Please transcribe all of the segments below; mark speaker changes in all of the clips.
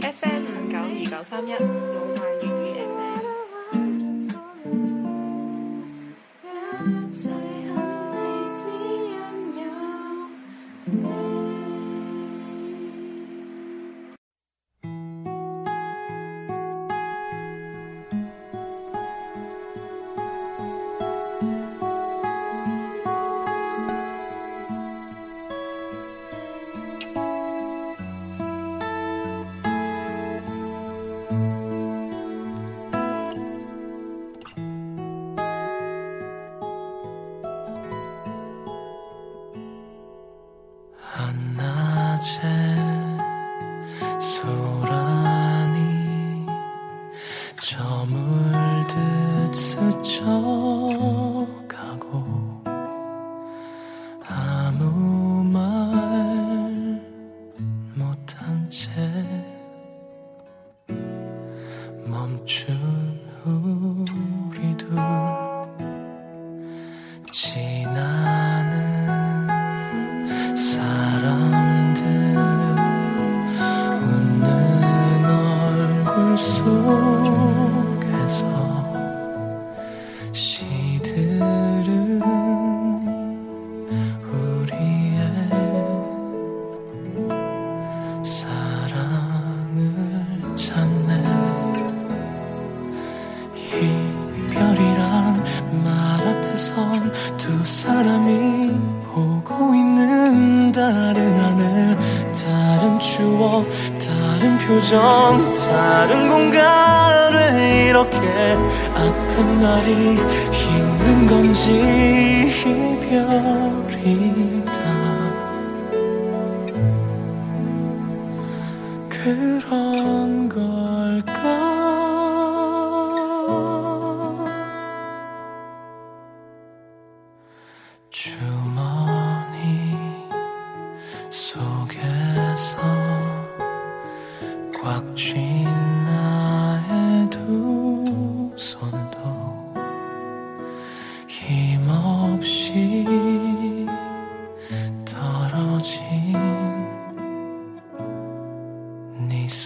Speaker 1: FM 五九二九三一，老萬。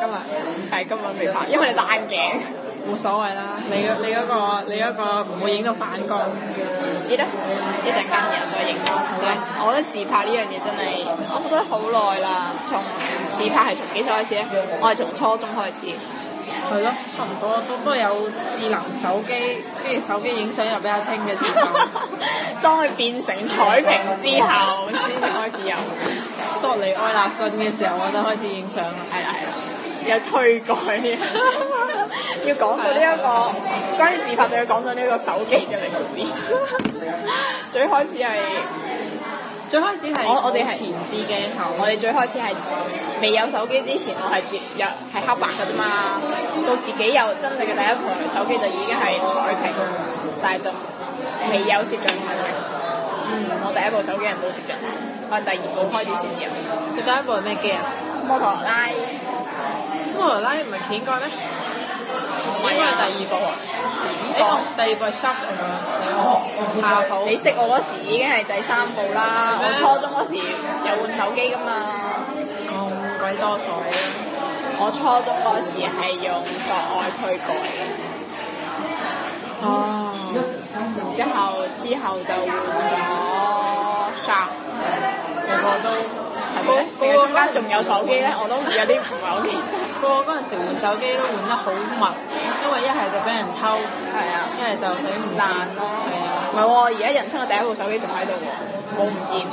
Speaker 1: 今日係今日未拍，因為你戴眼鏡，冇所謂啦。你嗰你嗰、嗰個你嗰個唔會影到反光。唔知咧，一陣間然後再影咯，啊、就係我覺得自拍呢樣嘢真係，啊、我覺得好耐啦。從自拍係從幾時開始咧？我係從初中開始。係咯、嗯，差唔多，都都有智能手機，跟住手機影相又比較清嘅時候，當佢變成彩屏之後，先開始有。索尼愛立信嘅時候，我就開始影相啦。係啦，係啦。有推改， 要講到呢一個關於自拍，就要講到呢一個手機嘅歷
Speaker 2: 史
Speaker 1: 最開始係，最開始係我我哋們係前置鏡，我哋最開始係未有手機之前，我係接有係、嗯、黑白嘅啫嘛。到自己有真正嘅第一部手機就已經係彩屏，但係就未有攝像頭嘅。嗯，我第一部手機係冇攝像頭，我係第二部開始先有。你、嗯、第一部係咩機啊？摩托羅拉。無、哦、啦，唔係片蓋咩？片蓋係第二部啊！哎，欸、第二部係 Sharp 啊！哦、你識我嗰時已經係第三部啦。我初中嗰時有換手機噶嘛？咁鬼多改？我初中嗰時係用索愛推蓋。哦。然之後，嗯、之後就換咗 Sharp，個個都。個、嗯、中間仲有手機咧，我都有啲唔好記得。不過嗰陣時換手機都換得好密，因為一係就俾人偷，啊，一係就整爛咯。唔係喎，而家人生嘅第一部手機仲喺度喎，冇唔掂。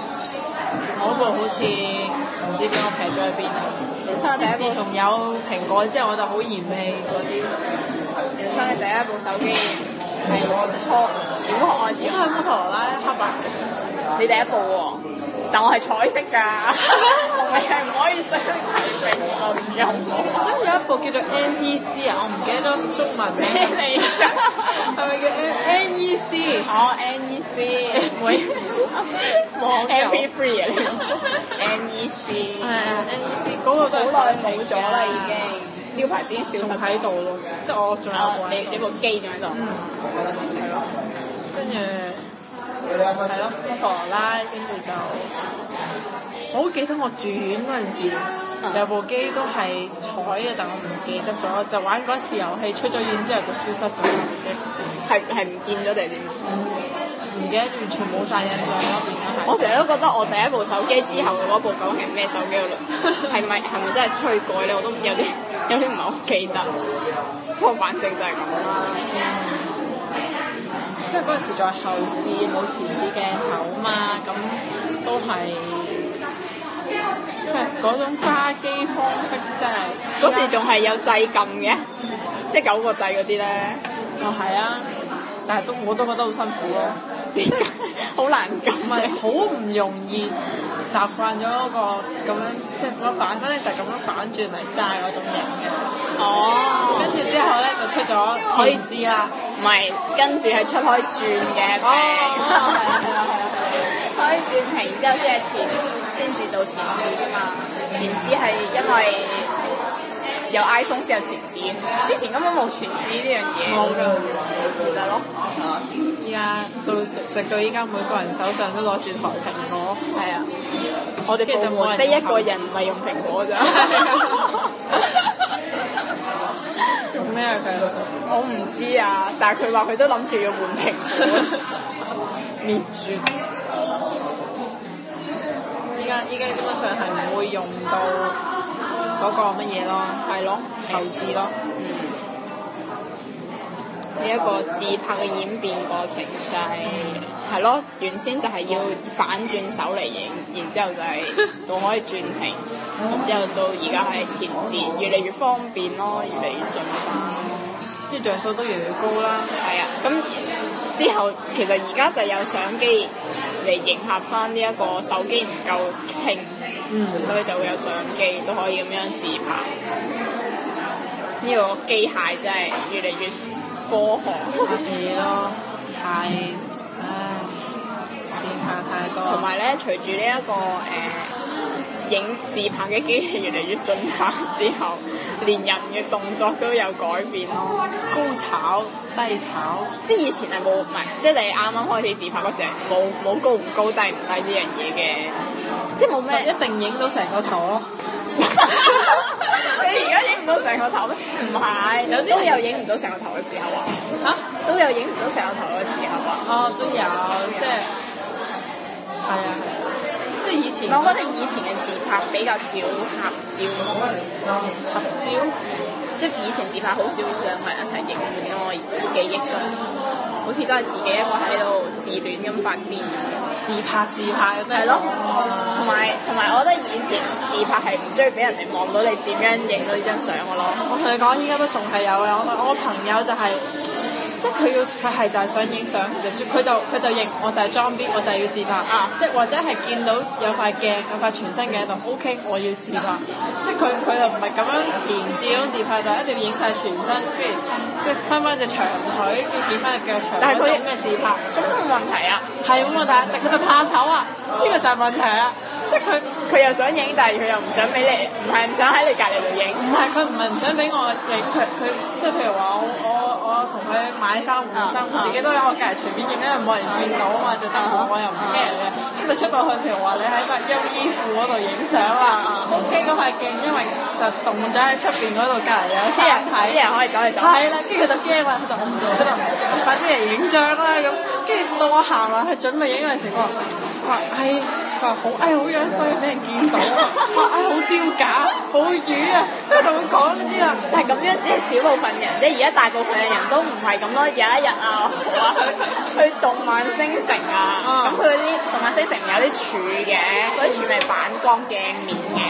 Speaker 1: 我部好似唔知俾我劈咗喺邊。人生嘅第一部仲有蘋果之後，我就好嫌棄嗰啲。人生嘅第一部手機係 從初小學開始。開摩托羅拉黑白，你第一部喎。但我係彩色㗎，係唔可以俾佢睇成陰影。咁有一部叫做 NEC 啊，我唔記得咗中文名。係咪叫 NEC 好 NEC，冇冇 MP3 啊？你講 NEC，係 NEC，嗰個好耐冇咗啦，已經呢個牌子已經少。仲喺度咯，即係我仲有部你部機仲喺度。跟住。係咯，摩托 拉，跟住就，我好記得我住院嗰陣時，有部機都係彩嘅，但我唔記得咗，就玩過次遊戲，出咗院之後就消失咗部機，係係唔見咗定係點？唔記得，完全冇晒印象咯。 我成日都覺得我第一部手機之後嘅嗰部究竟係咩手機咯？係咪係咪真係吹改咧？我都有啲有啲唔係好記得，不過反正就係咁啦。 因為嗰陣時在後置冇前置鏡頭啊嘛，咁都係即
Speaker 3: 係嗰種
Speaker 1: 揸機方式，真係嗰時仲係有掣撳嘅， 即係九個掣嗰啲咧。哦，係啊，但係都我都覺得好辛苦咯，好 難撳救啊！好唔是 容易習慣咗嗰、嗰個咁樣，即係咁樣反，反正就咁樣反轉嚟揸嗰
Speaker 2: 種型嘅。哦。跟住之後咧，就出咗
Speaker 1: 前置啦。唔係，跟住係出海轉嘅，係啦係啦，可 以轉屏，之後先係前，先至做前置啫嘛。前置係因為有 iPhone 先有前置，之前根本冇前置呢對樣嘢。冇㗎了，就係咯。
Speaker 2: 依家、 yeah,
Speaker 1: 到直到依家，每個人手上都攞住台蘋果。係啊，我哋其實冇得一個人唔係用蘋果
Speaker 2: 咋。
Speaker 3: 咩
Speaker 1: 啊佢？我唔知啊，但係佢話佢都諗住要換屏，滅 絕。
Speaker 3: 依家依家基本上係唔會用
Speaker 1: 到嗰個乜嘢咯，係咯，投資咯，嗯。
Speaker 4: 呢、嗯、一個
Speaker 1: 自拍嘅演變過程就係、是、係、嗯、咯，原先就係要反轉手嚟影，然之後就係仲可以轉屏。 然之後到而家係前置，越嚟越方便咯，越嚟越進化，即係像素都越嚟越高啦。係啊，咁之後其實而家就有相機嚟迎合翻呢一個手機唔夠清，嗯、所以就會有相機都可以咁樣自拍。呢、呢個機械真係越嚟越科學。嘢咯、嗯，太啊！自拍太多。同埋咧，隨住呢一個誒。呃影自拍嘅機器越嚟越進化之後，連人嘅動作都有改變咯。高炒低炒，即係以前係冇，唔係，即係你啱啱開始自拍嗰時候係冇冇高唔高、低唔低呢樣嘢嘅，即係冇咩一定影到成個頭咯。你
Speaker 3: 而家影唔
Speaker 1: 到成個頭咩？唔係，有啲都有影唔到成個頭嘅時候啊！嚇，都有影唔到成個頭嘅時候啊！哦，都有，即係係啊。以前我覺得以前嘅自拍比較少合照，嗯嗯、合照即係以前自拍，少拍、嗯、好少兩個人一齊影嘅喎，記憶中好似都係自己一個喺度自戀咁發電自拍，自拍自拍咁樣。係、啊、咯，同埋同埋我覺得以前自拍係唔中意俾人哋望到你點樣影到呢張相嘅咯。我同你講，依家都仲係有嘅，我我朋友就係、是。即係佢要佢係就係想影相，佢就佢就佢我就係裝逼，我就要自拍。即係或者係見到有塊鏡有塊全身鏡喺度，OK，我要自拍。即係佢佢就唔係咁樣前置咁自拍，就一定要影晒全身，跟住即係伸翻隻長腿，跟住展翻隻腳長。但係佢影咩自拍？咁都冇問題啊！係冇問題，但係佢就怕醜啊！呢個就係問題啦。即係佢佢又想影，但係佢又唔想俾你，唔係唔想喺你隔離度影。唔係佢唔係唔想俾我影。佢佢即係譬如話我我。佢買衫換衫，佢自己都有我隔籬隨便影，因為冇人見到啊嘛，就特別我又唔 care 嘅。跟住出到去，譬如話你喺個優衣庫嗰度影相啊，跟住嗰塊鏡，因為就動唔準喺出邊嗰度隔籬啊，啲人睇，啲人可以走嚟走係啦。跟住佢就驚啊，佢有就唔做，佢 就快啲嚟影張啦咁。跟住到我行啦，佢準備影嗰陣時，我話係。佢話好，誒好樣衰，俾人見到、 哎，啊？誒好丟架，好淤啊，我同佢講呢啲啊。但係咁樣只係少部分人，即係而家大部分嘅人都唔係咁咯。有一日啊，我去去動漫星城啊，咁佢啲動漫星城有啲柱嘅，嗰啲柱咪反 光鏡面嘅，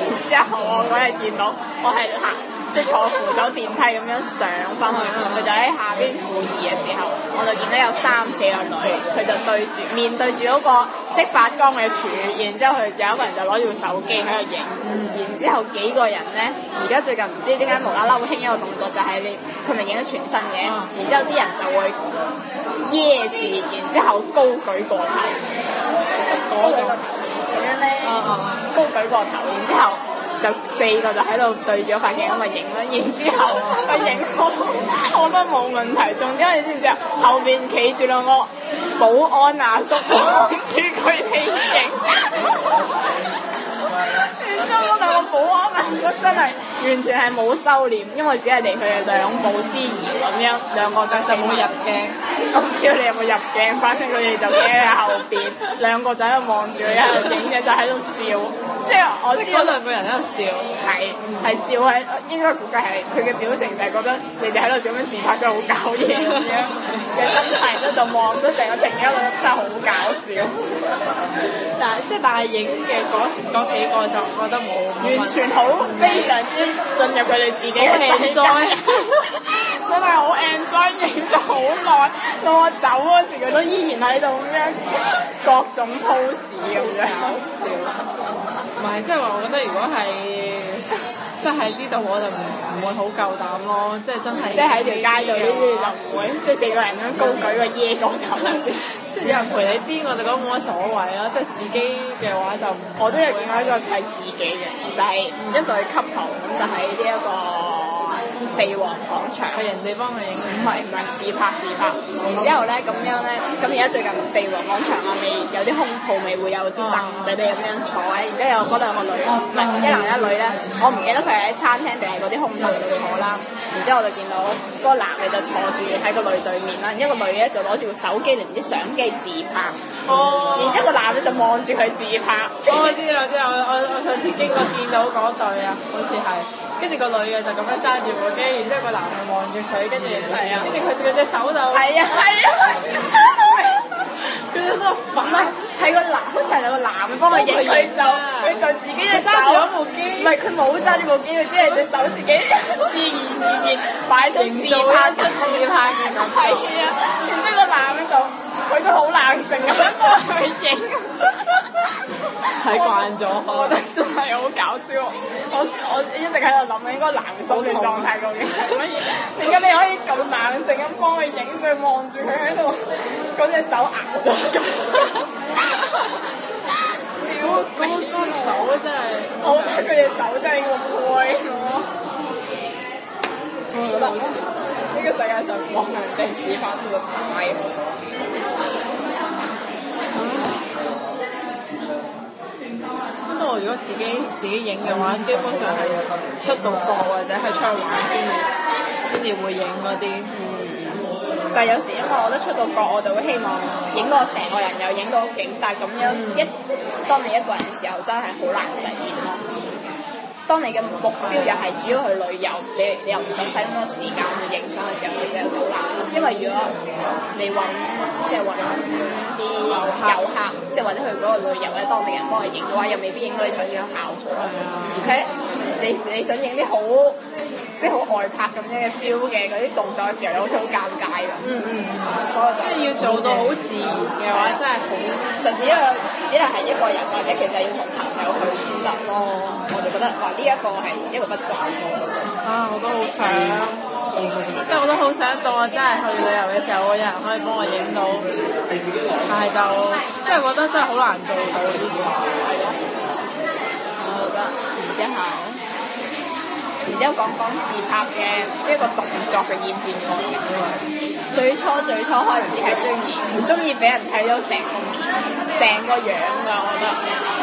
Speaker 1: 然之後我嗰日見到我係黑。 即係坐扶手電梯咁樣上翻去，佢 就喺下邊負二嘅時候，我就見到有三四個女，佢就對住面對住嗰個識發光嘅柱，然之後佢有一個人就攞住部手機喺度影，然之後幾個人咧，而家最近唔知點解無啦啦會興一個動作，就係你佢咪影咗全身嘅，然之後啲人就會耶字，然之後高舉過頭，高舉過頭，過頭過頭然之後。就四個就喺度對住個發鏡咁咪影啦，然之後佢影好，我覺得冇問題。總之你知唔知啊？後邊企住兩個保安阿叔望住佢哋影。 我兩個保安啊，我真係完全係冇收斂，因為只係嚟佢哋兩步之遙咁樣，兩個仔就冇入鏡。咁唔 知你有冇入鏡？反正佢哋就企喺後邊， 兩個仔就望住，一係影嘅就喺度笑。即係我知嗰兩個人喺度笑，係係笑喺應該估計係佢嘅表情就係覺得你哋喺度咁樣自拍真係好搞嘢。咁真係都就望得成個情景都真係好搞笑。 但係即係大係影嘅嗰嗰幾個就覺得，冇。完
Speaker 2: 全好，嗯、非常之
Speaker 1: 進入佢哋自己嘅世界。 真係好 enjoy，影咗好耐。到我走嗰時，佢都依然喺度咁樣各種 pose 咁樣。搞笑。唔係，即係話，我覺得如果係即喺呢度，就是、我就唔唔會好夠膽咯。即、就、係、是、真係。即喺條街度呢啲就唔會，即 四個人咁高舉個椰果就。 即係有人陪你邊，我就講冇乜所謂啦，即係自己嘅話就， 我都有見到再睇自己嘅，就係、是、唔一對級頭，咁就係呢一個。地王廣場係人哋幫佢影，唔係唔係自拍自拍。然之後咧咁樣咧，咁而家最近地王廣場我咪有啲空鋪，咪會有啲凳俾你咁樣坐。然之後有嗰對學女，一男一女咧，我唔記得佢係喺餐廳定係嗰啲空凳度坐啦。然之後我就見到個男嘅就坐住喺個女對面啦，一個女嘅就攞住手機連唔知相機自拍。哦。然之後個男嘅就望住佢自拍。我知我知，我我我上次經過見到嗰對啊，好似係。跟住個女嘅就咁樣揸住然之後個男嘅望住佢，跟住，跟住佢隻手就，係啊， 係啊，佢喺度粉，唔係，係個男，一齊兩個男嘅幫佢影，就佢
Speaker 3: 就自己揸住一部機，唔係佢冇揸住部
Speaker 1: 機，佢只係隻手自己手自，自然而然擺成自拍出嚟拍片啊，然之後個男嘅就，佢都好冷靜啊，幫佢影。睇 慣咗，我覺得真係好搞笑。 我我一直喺度諗，應該難受嘅狀態究竟係乜嘢？點解痛 你可以咁冷靜咁幫佢影相，望住佢喺度嗰隻手咬緊？ 屌、啊，佢隻手真係，我覺得佢隻手真係個怪物。好搞笑，， 呢、這個世界上冇人可以發出
Speaker 2: 咁嘅笑。
Speaker 1: 如果自己自己影嘅話，基本上係出到國或者係出去玩先至先至會影嗰啲。但係有時因為我覺得出到國，我就會希望影到成個人又影到景，但係咁樣一、嗯、當你一個人嘅時候，真係好難實現咯。當你嘅目標又係主要去旅遊，你你又唔想使咁多時間去影相嘅時候，其實就好難，因為如果你揾即係揾啲遊客，即係或者去嗰個旅遊嘅當地人幫你影嘅話，又未必影到你想要嘅效果，而且，你你想影啲好即係好外拍咁樣嘅 feel 嘅嗰啲動作嘅時候，又好似好尷尬咁、嗯。嗯嗯，即係要做到好自然嘅話，了真係好，甚至要只能係一個人，或者其實要同朋友去練習咯。我就覺得話呢一個係一個不足。啊，我都好想，即係、 啊就是、我都好想當我真係去旅遊嘅時候，有人可以幫我影到。但係就即係覺得真係好難做到。係我覺得然之後。而家講講自拍嘅一個動作嘅演變過程啊嘛，最初最初開始係中意，唔中意俾人睇到成個面成個樣噶，我覺得。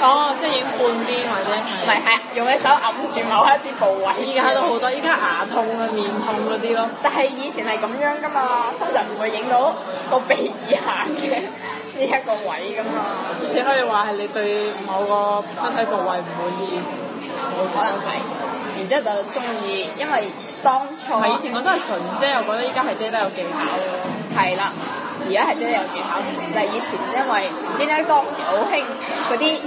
Speaker 1: 哦，即係影半邊或者係。唔係係用隻手揞住某一啲部位。依家都好多，依家牙痛啊、面痛嗰啲咯。 但係以前係咁樣噶嘛，通常唔會影到個鼻以下嘅呢一個位噶嘛。而且可以話係你對某個身體部位唔滿意。可能係，然之後就中意，因為當初。唔係，以前我真係純姐，我覺得依家係遮得有技巧咯。係啦，嗯，而家係遮得有技巧，就係以前因為唔知點解當時好興嗰啲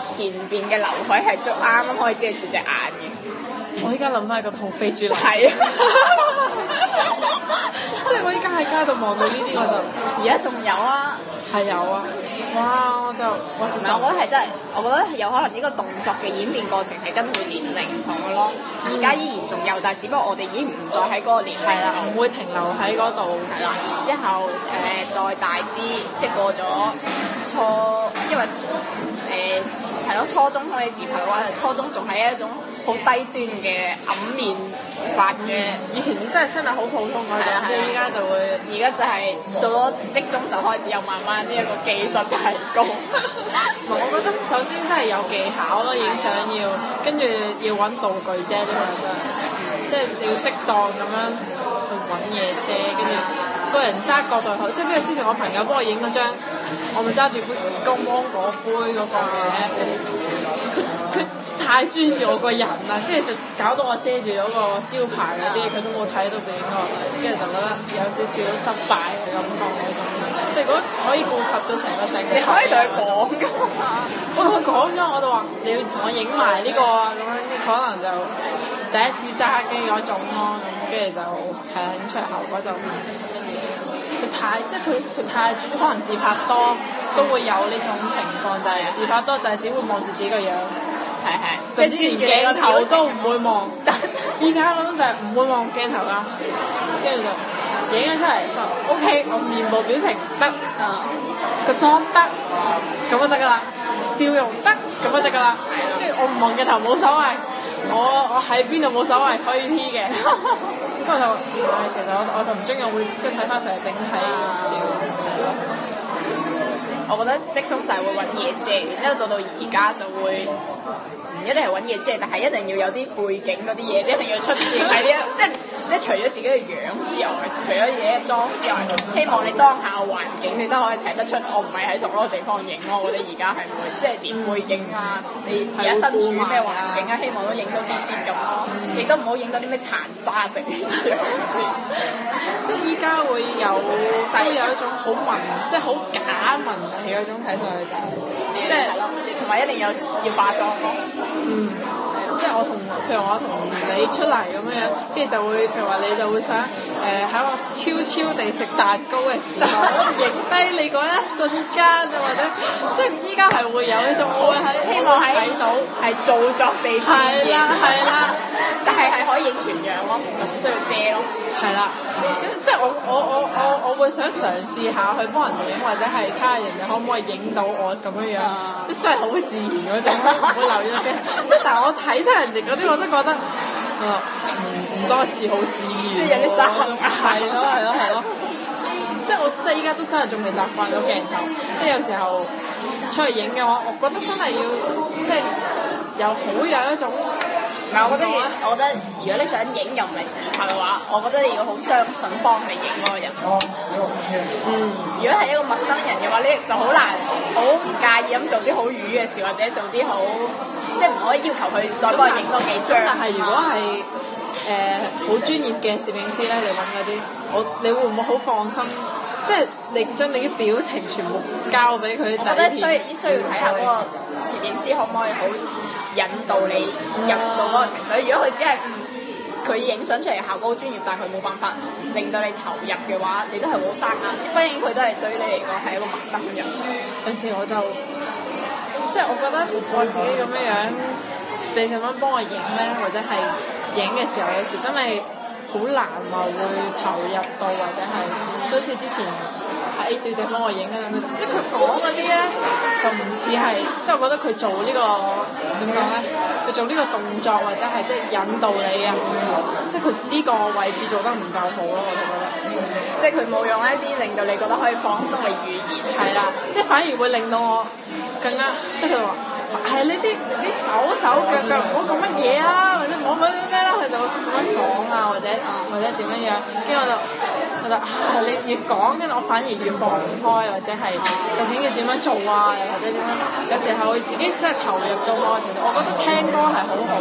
Speaker 1: 前邊嘅劉海係足啱啱可以遮住隻眼嘅。我依家諗翻個土飛豬。係。 即係我依家喺街度望到呢啲我就，而家仲有啊。係有啊。哇！我就我，我覺得係真係，我覺得有可能呢個動作嘅演變過程係跟每年齡唔同嘅咯。而家依然仲有，但係只不過我哋已經唔再喺嗰個年齡係啦，唔、嗯、會停留喺嗰度。係啦，然之後誒再大啲，嗯、即係過咗錯，因為。係咯，初中可以自拍嘅話，初中仲係一種好低端嘅暗面法嘅。以前真係真係好普通嘅啫，係。依家就會，而家就係到咗職中就開始有慢慢呢一個技術提高。唔， 我覺得首先真係有技巧咯，影相要，了跟住要揾道具啫，呢個真係，即係要適當咁樣去揾嘢啫，跟住。個人揸個袋口，即係比如之前我朋友幫我影嗰張，我咪揸住杯個芒果杯嗰個嘢，佢 太專注我個人啦，跟住就搞到我遮住咗個招牌嗰啲，佢都冇睇到畀我，跟住就覺得有少少失敗咁樣嗰種。即係如果可以顧及到成個整個，你可以同佢講噶嘛， 我同佢講咗，我就話你要同我影埋呢個啊咁樣，即可能就。第一次揸機嗰種咯，咁跟住就影出嚟，效果就佢太，即係佢佢太可能自拍多，都會有呢種情況。就係自拍多就係只會望住自己個樣，係係。甚至連鏡頭 都唔會望。而家咧就係唔會望鏡頭啦。跟住就影咗出嚟，就 OK。我面部表情得，個妝得，咁 就得噶啦。笑容得，咁就得噶啦。跟住 我唔望鏡頭冇所謂。我我喺邊度冇所謂，可以 P 嘅，不過我就唉，其實我我就唔中意會即係睇翻成日整體嘅嘢咯。我覺得職中就係會揾嘢借，之後到到而家就會。嗯嗯嗯嗯唔一定係揾嘢即係，但係一定要有啲背景嗰啲嘢，你一定要出現喺啲，即係即係除咗自己嘅樣之外，除咗嘢裝之外，希望你當下環境你都可以睇得出。我唔係喺同嗰個地方影咯，我哋而家係唔會即係連背景啊，你而家身處咩環境啊，希望都影到啲啲咁咯，亦都唔好影到啲咩殘渣成片。即係依家會有，都有一種好文，即係好假文氣嗰種睇上去就，
Speaker 3: 即係。唔
Speaker 1: 係一定有要化妝咯。嗯，即係我同譬如我同你出嚟咁樣，跟住就會譬如話你就會想誒喺、呃、我悄悄地食蛋糕嘅時候影低 你嗰一瞬間啊，或者即係依家係會有呢種，我會喺希望睇到係做作地，係啦係啦，但係係可以影全樣咯，就唔的需要借咯。係啦，咁、啊、即係我我我我我會想嘗試下去幫人影，或者係睇人哋可唔可以影到我咁樣樣，啊、即係真係好自然嗰種，唔會留意到鏡。即係但係我睇出人哋嗰啲，我都覺得，唔 多時好自然。 即係有啲生硬，係咯係咯係咯。即係我即係依家都真係仲未習慣咗鏡頭，即係有時候出去影嘅話，我覺得真係要即係有好有一種。唔，我覺得，嗯、我覺得，如果你想影又唔係自拍嘅話，我覺得你要好相信幫你影嗰個人。哦嗯。如果係一個陌生人嘅話，呢就好難，好唔介意咁做啲好魚嘅事，或者做啲好，即係唔可以要求佢再幫你影多幾張。但係如果係誒好專業嘅攝影師咧，你揾嗰啲，我你會唔會好放心？即係你將你啲表情全部交俾佢，我覺得需要需要睇下嗰個攝影師可唔可以好引導你入到嗰個情緒。啊、如果佢只係嗯佢影相出嚟效果專業，但係佢冇辦法令到你投入嘅話，你都係好生硬。畢竟佢都係對你嚟講係一個陌生人。有時我就即係我覺得我自己咁樣樣，你咁樣幫我影咧，或者係影嘅時候，有時真係。 好難話、啊、會投入到或者係，就好似之前 A 小姐幫我影嗰陣，即係佢講嗰啲咧，就唔似係， 即係我覺得佢做、這個、呢個點講咧，佢做呢個動作或者係即係引導你啊，即係佢呢個位置做得唔夠好咯，我就覺得，即係佢冇用一啲令到你覺得可以放鬆嘅語言，係啦，即係反而會令到我更加，即係佢話。係呢啲啲手手腳腳，唔好講乜嘢啊？或者我講啲咩啦，佢就咁樣講啊？或者或者點樣樣，跟住我就覺得啊，你越講，跟住我反而越放唔開，或者係究竟要點樣做啊？又或者點樣？有時候會自己真係投入咗歌入邊，我覺得聽歌係好好，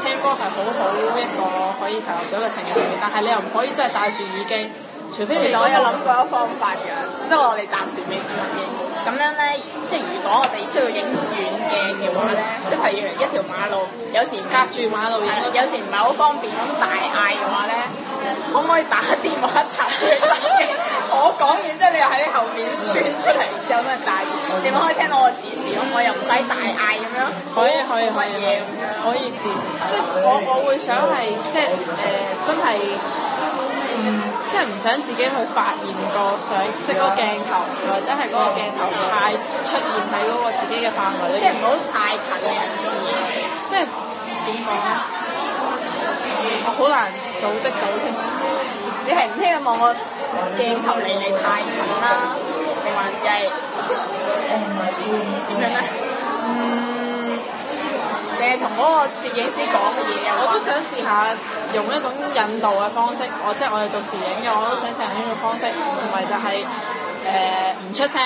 Speaker 1: 聽歌係好好一個可以投入到個情感入邊，但係你又唔可以真係戴住耳機。除非我有諗過一個方法㗎， 即係我哋暫時未試過嘅。咁樣咧，即係如果我哋需要影遠鏡嘅話咧，即係譬如一條馬路，有時隔住馬路，有時唔係好方便咁大嗌嘅話咧， 可唔可以打電話插佢？手 機？ 我講完之後，你又喺後面穿出嚟，有乜嘢大你咪可以聽到我指示咁？我又唔使大嗌咁 樣，可以，可以，可以，可以試，即係 我我，我會想係即係誒、呃，真係。真 即係唔想自己去發現個相，識個鏡頭，或者係嗰個鏡頭太出現喺嗰個自己嘅範圍，即係唔好太近嘅。即係點講咧？我好、 啊、難組織到添。你係唔希望我鏡頭離你太近啦，定還是係點樣咧？誒同個攝影師講嘅嘢嘅，我都想試下用一種引導嘅方式。我即係我哋做攝影嘅，我都想試下呢個方式，同埋就係誒唔出聲，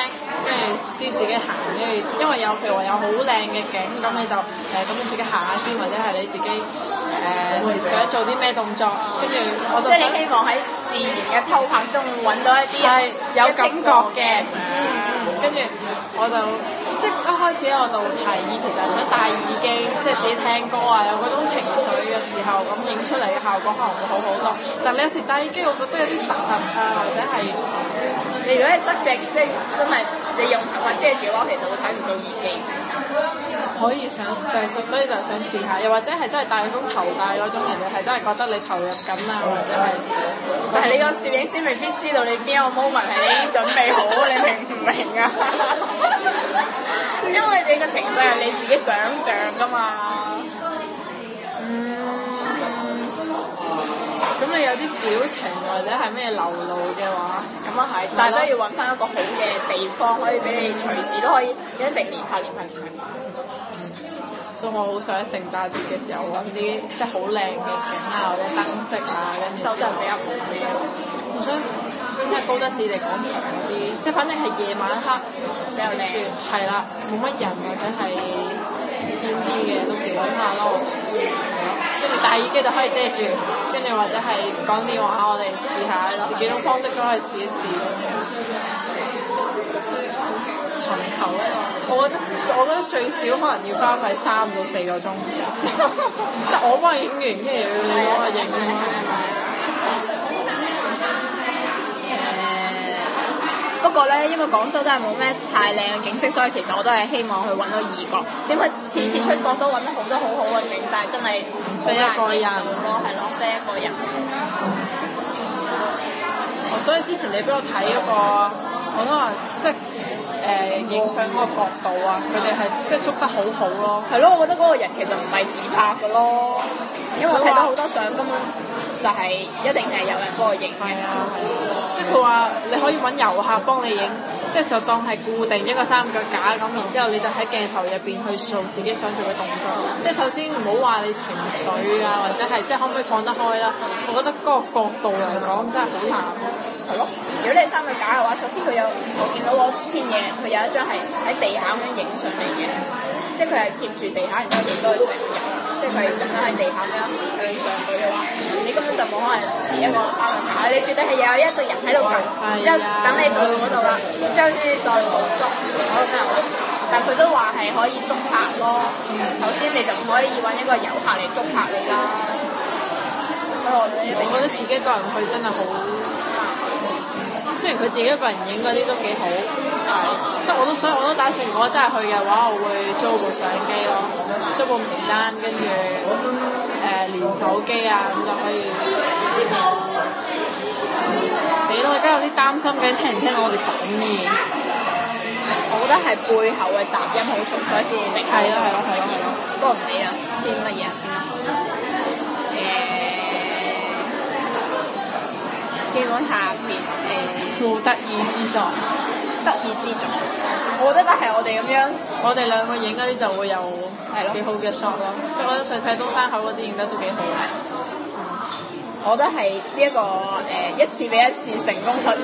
Speaker 1: 跟住先自己行。跟住因為有譬如話有好靚嘅景，咁你就誒咁、呃、你自己行下先，或者係你自己誒、呃嗯、想做啲咩動作，跟住我就即係你希望喺自然嘅偷拍中揾到一啲係有感覺嘅，跟住我就即係一開始我度提議其實想戴耳機。即係自己聽歌啊，有嗰種情緒嘅時候，咁影出嚟嘅效果可能會好好多。但係你有時戴耳機，我覺得有啲突兀啊，或者係你如果係塞隻耳，即係真係你用頭髮遮住嘅話，其實會睇唔到耳機。可以想，所以所以就想試下，又或者係真係戴嗰種頭戴嗰種，人哋係真係覺得你投入緊啊，或
Speaker 3: 者
Speaker 1: 係，但係你個攝影師未必知道你邊個 moment 係你準備好， 你明唔明啊？ 因為你個情緒係你自己想象噶嘛，
Speaker 3: 嗯，
Speaker 1: 咁你有啲表情或者係咩流露嘅話，咁啊係，是的但係都要揾翻一個好嘅地方，可以俾你隨時都可以一直連拍連拍連拍。嗯我好想聖誕節嘅時候揾啲即係好靚嘅景哇啊，或者燈飾啊，跟住就真係比較好啲。我想用即係高德置地嚟講，嗰啲即係反正係夜晚黑比較靚。係啦，冇乜人或者係偏啲嘅，就是嗯、到時揾下咯，係咯。跟住戴耳機就可以遮住，跟住或者係講電話，我哋試下咯，幾種方式都可以試一試。尋、嗯嗯、求一個。我覺得，我覺得最少可能要花費三到四個鐘，即我幫你影完，跟住你幫我影。誒， 嗯、不過咧，因為廣州都係冇咩太靚嘅景色，所以其實我都係希望去揾到異國。點解次次出國都揾得好多好好嘅景，嗯、但係真係俾一個人咯，係攞俾一個人。嗯、 哦，所以之前你俾我睇嗰個，我都話即。誒，影相個角度啊，佢哋係即係捉得好好咯。係咯，我覺得嗰個人其實唔係自拍㗎咯，因為我睇到好多相咁樣，說就係一定係有人幫我影。係啊了，係了。即係佢話你可以搵遊客幫你影。即係就當係固定一個三腳架咁，然之後你就喺鏡頭入邊去做自己想做嘅動作。即係首先唔好話你情緒啊，或者係即係可唔可以放得開啦。我覺得嗰個角度嚟講、嗯、真係好難。係咯。如果你係三腳架嘅話，首先佢有我見到我片嘢，佢有一張係喺地下咁樣影上嚟嘅。即係佢係貼住地下，然之後影到佢成日。即係佢咁樣喺地下咁樣向上去嘅話。你根本就冇可能自一個牌。啊、你絕對係有一個人喺度等，之、啊、後等你到嗰度啦，之、嗯、後先再抓嗰個。但係佢都話係可以捉拍咯。首先你就唔可以揾一個遊客嚟捉拍你啦。所以我覺得自己一個人去真係好。雖然佢自己一個人影嗰啲都幾好，但即係我都所以我都打算如果真係去嘅話，我會租部相機咯，嗯、租部微單跟住。誒連手機啊，咁就可以。死咯！而家有啲擔心，究竟聽唔聽到我哋講咩？我覺得係背後嘅雜音好重，所以先明，明。係咯係咯係咯。不過唔理啦，先乜嘢先？誒、欸，基本下邊誒，欸、富得意之作。得意之作，我覺得都係我哋咁樣。我哋兩個影嗰啲就會有幾好嘅 shot 咯，即係了我覺得上次東山口嗰啲影得都幾好。嘅了。嗯、我覺得係呢一個誒、呃、一次比一次成功率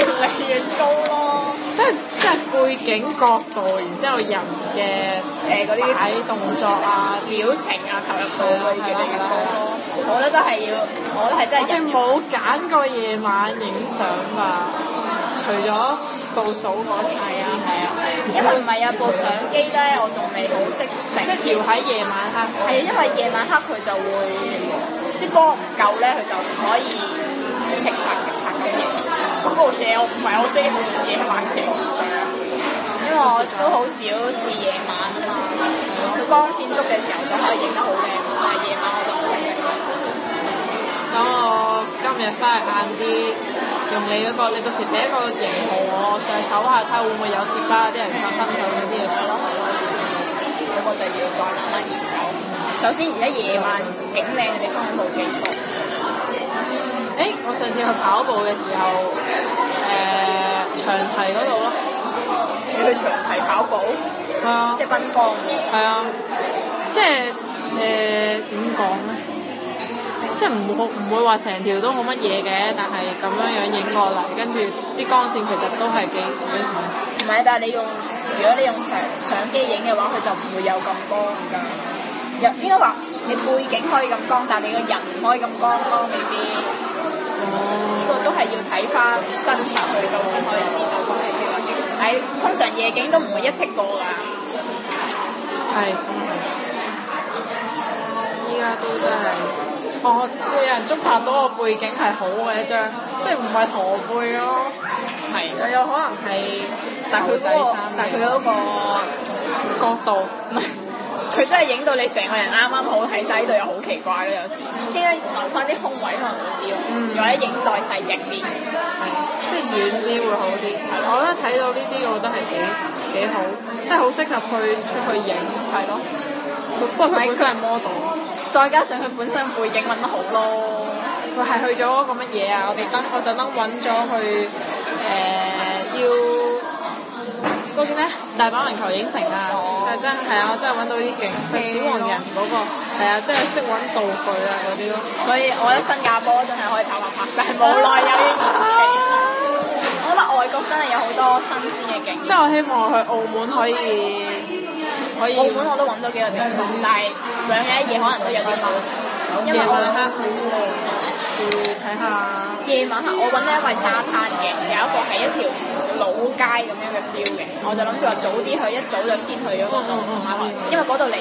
Speaker 1: 越來越高咯。即係即係背景角度，然之後人嘅擺動作啊、呃、表情啊、投入度越嚟越高，我覺得都係要，我覺得係真係。因為冇揀過夜晚影相吧？除咗。倒數，我係啊，係啊，因為唔係有部相機咧，我仲未好識整。即係調喺夜晚黑。係因為夜晚黑佢就會啲光唔夠咧，佢就唔可以識擦識擦咁影。部嘢我唔係好識用夜晚嘅相，因為我都好少試夜晚啦。佢光線足嘅時候就可以影得好靚， 但係夜晚我就唔識識啦。咁、 嗯嗯、我今日返去晏啲。用你嗰，那個，你到時俾一個型號我，我上搜下睇下會唔會有貼吧啲人發分享嗰啲嘢出咯，係咯，嗯。咁我就要再慢慢研究。首先而家夜晚景靚嘅地方有冇幾多？誒，我上次去跑步嘅時候，誒，呃，長堤嗰度咯。你去長堤跑步？係啊。即係濱江。係啊。即係誒點講咧？呃即係唔好唔會話成條都冇乜嘢嘅，但係咁樣樣影落嚟，跟住啲光線其實都係幾鬼好。唔係，但係你用如果你用相相機影嘅話，佢就唔會有咁光㗎。又應該話你背景可以咁光，但係你個人唔可以咁光咯，未必。呢個都係要睇翻真實去到先可以知道。係，通常夜景都唔會一剔過㗎。係。依家都真係。哦，我知有人抓拍到個背景係好嘅一張，即係唔係駝背咯，係又有可能係，但佢嗰個，但佢嗰個角度唔係，佢 真係影到你成個人啱啱好喺晒呢度，又好奇怪咯，有時，應該留翻啲空位可能好啲，或者影再細隻啲，係即係遠啲會好啲。嗯、我覺得睇到呢啲，我覺得係幾幾好，即係好適合去出去影，係咯，不過佢本身係 model。再加上佢本身背景揾得好咯，佢係去咗個乜嘢啊？我哋等我特登揾咗去誒、呃、要嗰多個叫咩大板球影城啊！真係啊，我真係揾到啲景色，多個 小黃人嗰、嗰個係啊個，真係識揾道具啊嗰啲咯。所以我覺得新加坡真係可以拍拍拍， 但係無奈有啲人我覺得外國真係有好多新鮮嘅景。即係、 啊、我希望去澳門可以。澳門我都揾到幾個地方，對但係兩日一夜可能都有啲慢。嗯、因為夜晚黑會睇下。夜看晚黑上我揾呢一個係沙灘嘅，有一個係一條老街咁樣嘅 feel 嘅，我就諗住話早啲去，一早就先去嗰個，嗯、因為嗰度離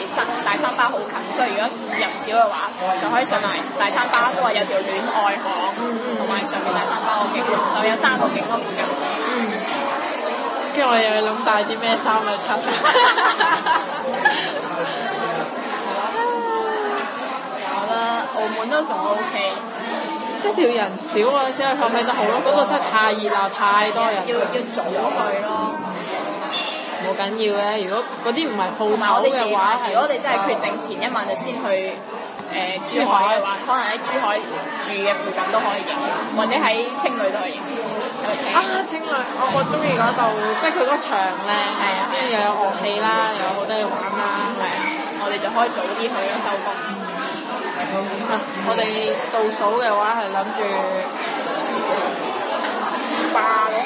Speaker 1: 大三巴好近，所以如果人少嘅話，嗯、就可以上嚟大三巴，都話有條戀愛巷，同埋上面大三巴屋景三巴嗰邊就有山頭景咯，附近。嗯嗯之後我又要諗帶啲咩衫去襯，好啦，澳門都仲 OK，即係條人少啊，小浪淘氣就好咯。嗰個真係太熱鬧，太多人。要要早去咯。冇緊要嘅，如果嗰啲唔係鋪租嘅話，如果我哋真係決定前一晚就先去誒珠海嘅話，可能喺珠海住嘅附近都可以影，或者喺青旅都可以影。啊，青旅，我我中意嗰度，即係佢嗰場咧，跟住又有樂器啦，又有好多嘢玩啦，係啊，我哋就可以早啲去收工。我哋倒數嘅話係諗住
Speaker 2: 八咯，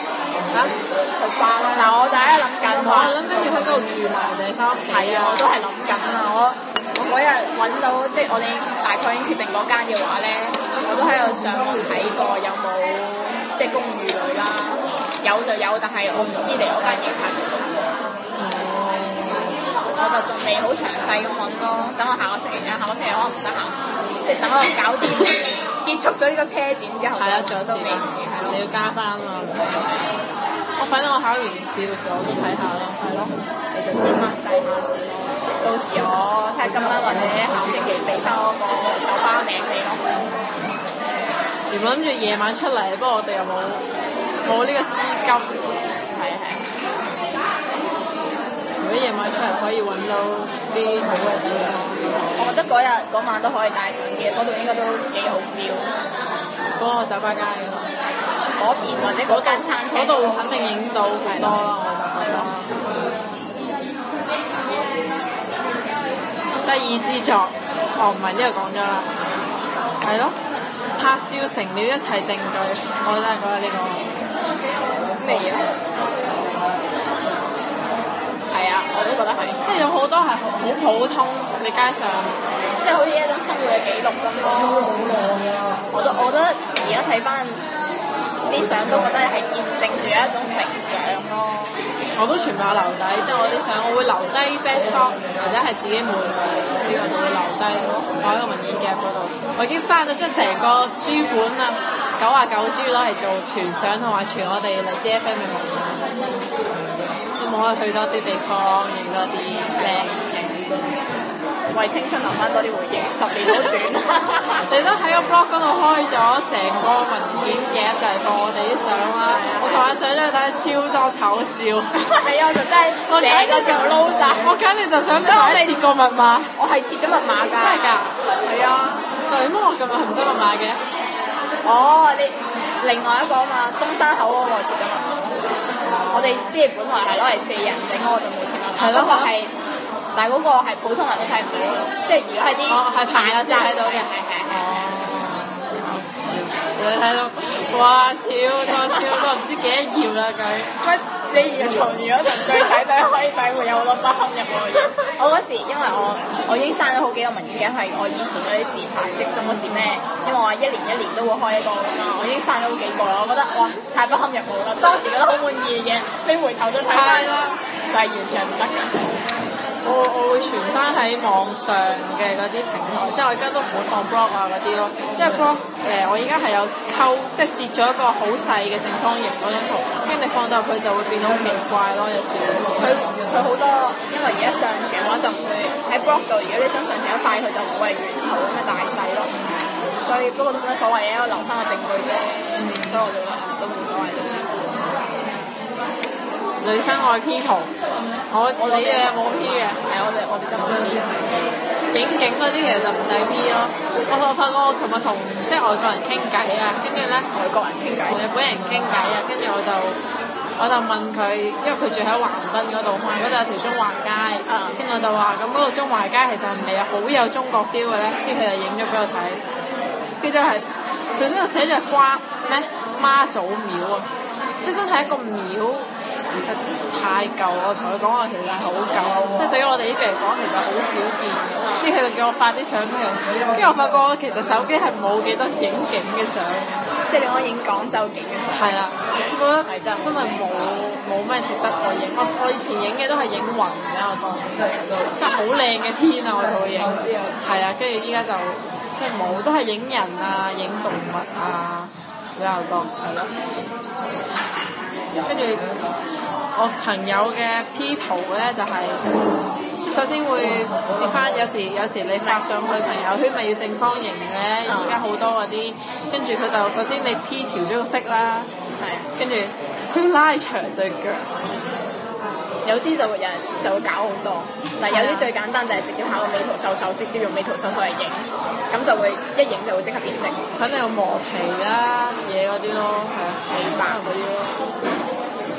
Speaker 2: 嚇，八
Speaker 1: 咯。但係我就喺度諗緊，我諗緊要喺嗰度住埋定翻屋企啊。我都係諗緊啊，我我嗰日揾到，即係我哋已經大概已經決定嗰間嘅話咧，我都喺度上網睇過有冇。即公寓裏啦，有就有，但係我唔知你嗰間影棚我就仲未好詳細咁問咯。等我下個星期啊，下個星期我唔得閒，即等我搞掂 結束咗呢個車展之後就，都未試，你要加翻啊！吧我反正我考完試嘅時候我都睇下咯，係咯，你就算問先壓低下先咯，到時我睇下今晚或者下星期俾翻我個酒吧名你我。如果諗住夜晚出嚟，不過我哋又冇冇呢個資金，係啊係。 如果夜晚出嚟可以揾到啲好嘅嘢，我覺得嗰日嗰晚都可以帶上嘅，嗰度應該都幾好 feel。嗰個酒吧街嗰邊，或者嗰間餐廳，嗰度肯定影到好多咯，我覺得。得意之作，哦，唔係呢個講咗啦，係咯。拍照成了一切證據，我真係覺得呢、呢個。咩嘢？係啊，我都覺得係。即係 有好多係好普通，你街上，即係好似一種生活嘅記錄咯。哦、我覺好都覺得而家睇翻啲相，都覺得係見證住一種成長咯。我都全部都留底，即係我啲相，我會留低 best shot 或者係自己滿嘅呢個都會留低，放喺個文件夾嗰度。我已經刪咗出成個珠本珠 G 本啦，九啊九 G 咯，係做傳相同埋傳我哋嚟 JF 咪冇啦，都冇去多啲地方影多啲靚。為青春留翻多啲回憶，十年都短。你都喺個 blog 嗰度開咗成個文件夾，就係播我哋啲相啦。我睇下相真係睇到超多醜照。係啊，就真係寫嗰條 note 我簡直就想再切個密碼。我係設咗密碼㗎。真係㗎。係啊。係乜？我今日唔使密碼嘅。哦，你另外一個啊嘛，東山口嗰個設咗密碼。我哋即係本來係攞嚟四人整，我就冇設密碼，不過係。但係嗰個係普通人都睇唔到，即係如果係啲哦係排有晒睇到嘅，
Speaker 3: 係係哦，搞笑，你睇到，哇，
Speaker 1: 超多超多唔知幾多頁啦佢，乜你從而家陣再睇睇， 可以睇到有好多不堪入 目嘅。我嗰時因為我我已經刪咗好幾個文件，嘅係我以前嗰啲自拍積中嗰時咩，因為我話一年一年都會開一個㗎嘛，我已經刪咗好幾個啦，我覺得哇太不堪入目啦，當時覺得好滿意嘅嘢，你回頭再睇翻就係 完全唔得。我、哦、我會傳翻喺網上嘅嗰啲平台，即係我而家都唔會放 blog 啊嗰啲咯。即係 blog，誒、呃，我而家係有溝，即係截咗一個好細嘅正方形嗰張圖，跟住你放到入去就會變到變怪咯，的有時。佢佢好多，因為而家上傳嘅話就唔會喺 blog 度。如果你想上傳一塊，佢就唔會係原圖咁嘅大細咯。所以不過都冇乜所謂嘅，我留翻個證據啫、就是。所以我對啦，都冇。女生愛 P 圖，我我哋有冇 P 嘅？係我哋我哋就唔中意。影景嗰啲其實就唔使 P 咯。我我發覺琴日同我同即係外國人傾偈啊，跟住咧外國人傾偈，同日本人傾偈啊，跟住我就我就問佢，因為佢住喺橫濱嗰度嘛，嗰度有條中華街，跟住我就話：咁嗰度中華街其實係咪好有中國 feel 嘅咧？跟住佢就影咗俾我睇，跟住就係佢呢度寫咗瓜咩媽祖廟啊，即係真係一個廟。其實太舊，我同佢講話其實係好舊，嗯、即係對於我哋呢啲嚟講其實好少見。跟住佢就叫我發啲相俾佢，跟住我發覺我其實手機係冇幾多影景嘅相，即係你可以影廣州景嘅相。係啦的，我覺得就真係冇冇咩值得我影。我以前影嘅都係影雲比較多，即係好靚嘅天啊，我會影。我知係啊，跟住依家就即係冇，都係影人啊、影動物啊比較多，係咯，跟住。 我、哦、朋友嘅 P 圖咧就係、是嗯、首先會接翻，嗯、有時、嗯、有時你發上去朋友圈咪要正方形嘅，而家好多嗰啲，跟住佢就首先你 P 調咗個色啦，係、嗯，跟住佢拉長對腳，有啲就會有人就會搞好多，嗱有啲最簡單就係直接下個美圖秀秀，直接用美圖秀秀嚟影，咁就會一影就會即刻變色，肯定有磨皮啦嘢嗰啲咯，係啊、嗯，美白嗰啲咯。嗯嗯嗯。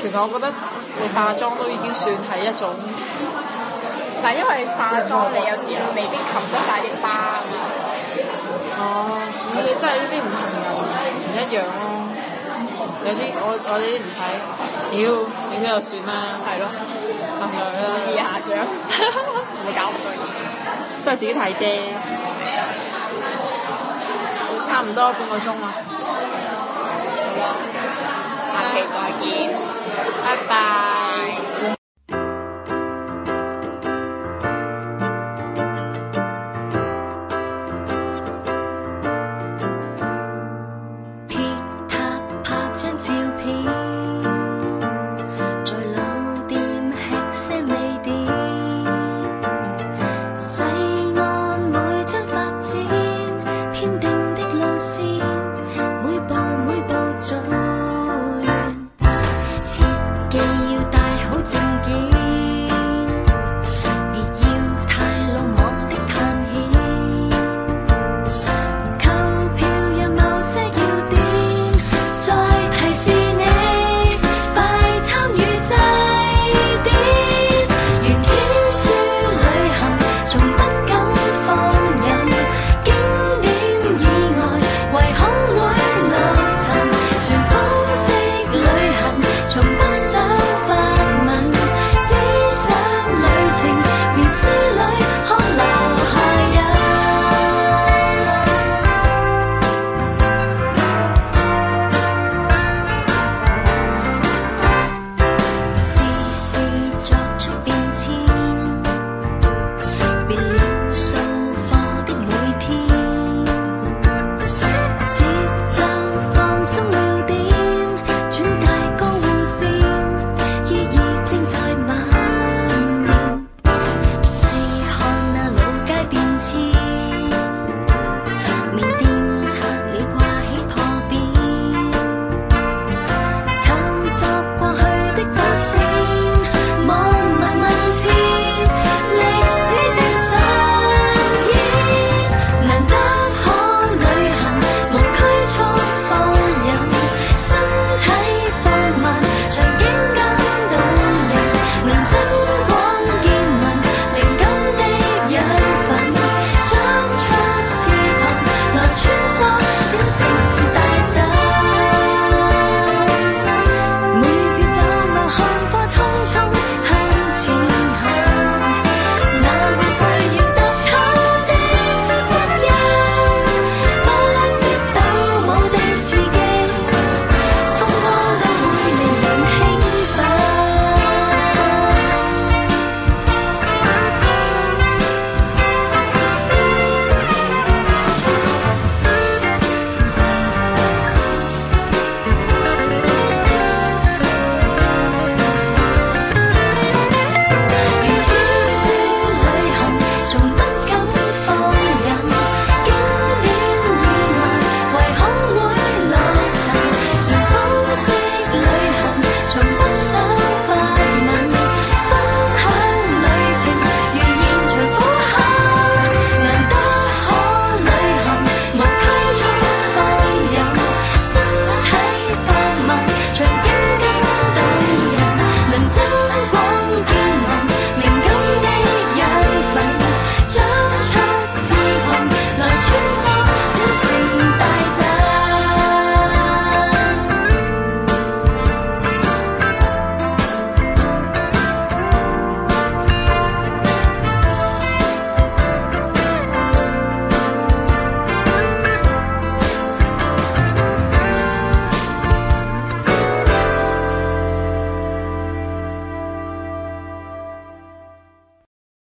Speaker 1: 其實我覺得你化妝都已經算係一種，但係因為化妝、嗯、你有時未必冚得晒啲花。哦，咁你真係呢啲唔同人，唔一樣、啊嗯、咯。有啲我我哋唔使，屌你咁就算啦，係咯，下載啦。意下獎，你搞唔到嘢。都係自己睇啫。嗯、差唔多半個鐘啦。好啦、嗯，下期再見。拜拜。